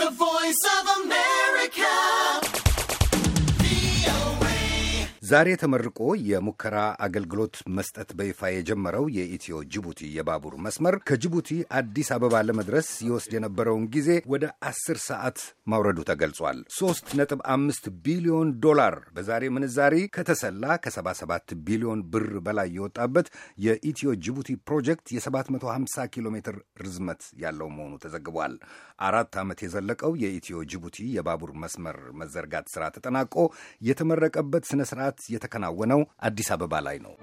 The voice of a man. ዛሬ ተመርቆ የሙከራ አገልግሎት መስጠት በይፋ የጀመረው የኢትዮ ጅቡቲ የባቡር መስመር ከጅቡቲ አዲስ አበባ ለመድረስ ይወስድ የነበረውን ጊዜ ወደ አስር ሰዓት ማውረዱ ተገልጿል። ሶስት ነጥብ አምስት ቢሊዮን ዶላር በዛሬ ምንዛሪ ከተሰላ ከ77 ቢሊዮን ብር በላይ የወጣበት የኢትዮ ጅቡቲ ፕሮጀክት የ750 ኪሎ ሜትር ርዝመት ያለው መሆኑ ተዘግቧል። አራት ዓመት የዘለቀው የኢትዮ ጅቡቲ የባቡር መስመር መዘርጋት ሥራ ተጠናቆ የተመረቀበት ስነ-ስርዓት የተከናወነው አዲስ አበባ ላይ ነው።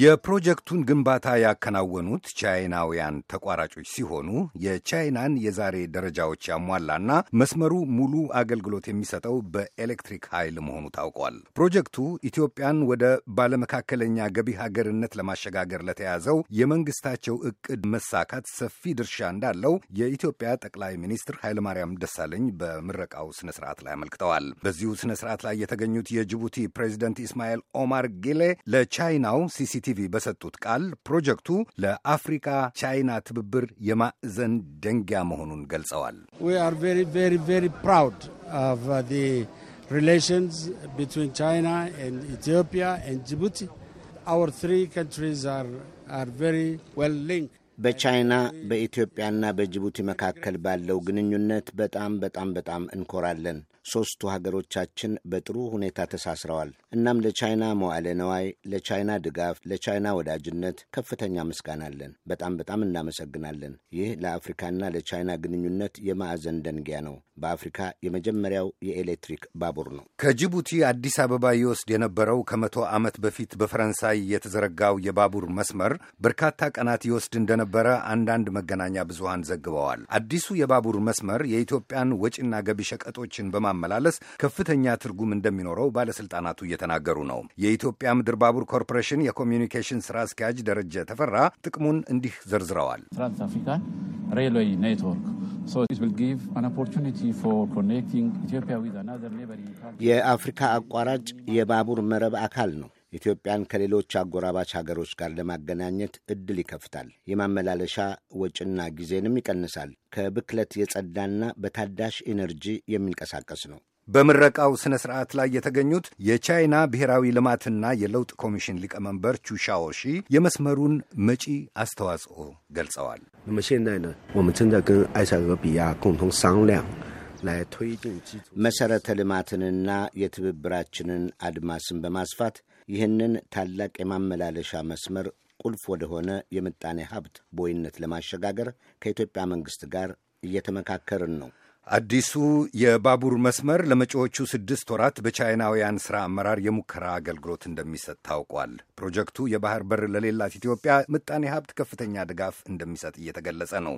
የፕሮጀክቱን ግንባታ ያከናወኑት ቻይናውያን ተቋራጮች ሲሆኑ የቻይናን የዛሬ ደረጃዎች ያሟላና መስመሩ ሙሉ አገልግሎት የሚሰጠው በኤሌክትሪክ ኃይል መሆኑ ታውቋል። ፕሮጀክቱ ኢትዮጵያን ወደ ባለመካከለኛ ገቢ ሀገርነት ለማሸጋገር ለተያዘው የመንግስታቸው እቅድ መሳካት ሰፊ ድርሻ እንዳለው የኢትዮጵያ ጠቅላይ ሚኒስትር ኃይለማርያም ደሳለኝ በምረቃው ስነ ስርዓት ላይ አመልክተዋል። በዚሁ ስነ ስርዓት ላይ የተገኙት የጅቡቲ ፕሬዚደንት ኢስማኤል ኦማር ጌሌ ለቻይናው ሲሲ ለኢቲቪ በሰጡት ቃል ፕሮጀክቱ ለአፍሪካ ቻይና ትብብር የማዕዘን ደንጊያ መሆኑን ገልጸዋል። ሪሌሽንስ ቢትዊን ቻይና ኤንድ ኢትዮጵያ ኤንድ ጅቡቲ አወር ትሪ ካንትሪስ አር ቬሪ ዌል ሊንክ በቻይና በኢትዮጵያና በጅቡቲ መካከል ባለው ግንኙነት በጣም በጣም በጣም እንኮራለን። ሦስቱ ሀገሮቻችን በጥሩ ሁኔታ ተሳስረዋል። እናም ለቻይና መዋዕለ ነዋይ፣ ለቻይና ድጋፍ፣ ለቻይና ወዳጅነት ከፍተኛ ምስጋና አለን። በጣም በጣም እናመሰግናለን። ይህ ለአፍሪካና ለቻይና ግንኙነት የማዕዘን ደንጊያ ነው። በአፍሪካ የመጀመሪያው የኤሌክትሪክ ባቡር ነው። ከጅቡቲ አዲስ አበባ ይወስድ የነበረው ከመቶ ዓመት በፊት በፈረንሳይ የተዘረጋው የባቡር መስመር በርካታ ቀናት ይወስድ እንደነበረ አንዳንድ መገናኛ ብዙሃን ዘግበዋል። አዲሱ የባቡር መስመር የኢትዮጵያን ወጪና ገቢ ሸቀጦችን በማመላለስ ከፍተኛ ትርጉም እንደሚኖረው ባለሥልጣናቱ እየተናገሩ ነው። የኢትዮጵያ ምድር ባቡር ኮርፖሬሽን የኮሚዩኒኬሽን ሥራ አስኪያጅ ደረጀ ተፈራ ጥቅሙን እንዲህ ዘርዝረዋል። ትራንስ አፍሪካን ሬልዌይ ኔትወርክ የአፍሪካ አቋራጭ የባቡር መረብ አካል ነው። ኢትዮጵያን ከሌሎች አጎራባች ሀገሮች ጋር ለማገናኘት እድል ይከፍታል። የማመላለሻ ወጪና ጊዜንም ይቀንሳል። ከብክለት የጸዳና በታዳሽ ኢነርጂ የሚንቀሳቀስ ነው። በምረቃው ሥነ ሥርዓት ላይ የተገኙት የቻይና ብሔራዊ ልማትና የለውጥ ኮሚሽን ሊቀመንበር ቹሻዎሺ የመስመሩን መጪ አስተዋጽኦ ገልጸዋል። መሠረተ ልማትንና የትብብራችንን አድማስን በማስፋት ይህንን ታላቅ የማመላለሻ መስመር ቁልፍ ወደሆነ የምጣኔ ሀብት ቦይነት ለማሸጋገር ከኢትዮጵያ መንግሥት ጋር እየተመካከርን ነው። አዲሱ የባቡር መስመር ለመጪዎቹ ስድስት ወራት በቻይናውያን ሥራ አመራር የሙከራ አገልግሎት እንደሚሰጥ ታውቋል። ፕሮጀክቱ የባህር በር ለሌላት ኢትዮጵያ ምጣኔ ሀብት ከፍተኛ ድጋፍ እንደሚሰጥ እየተገለጸ ነው።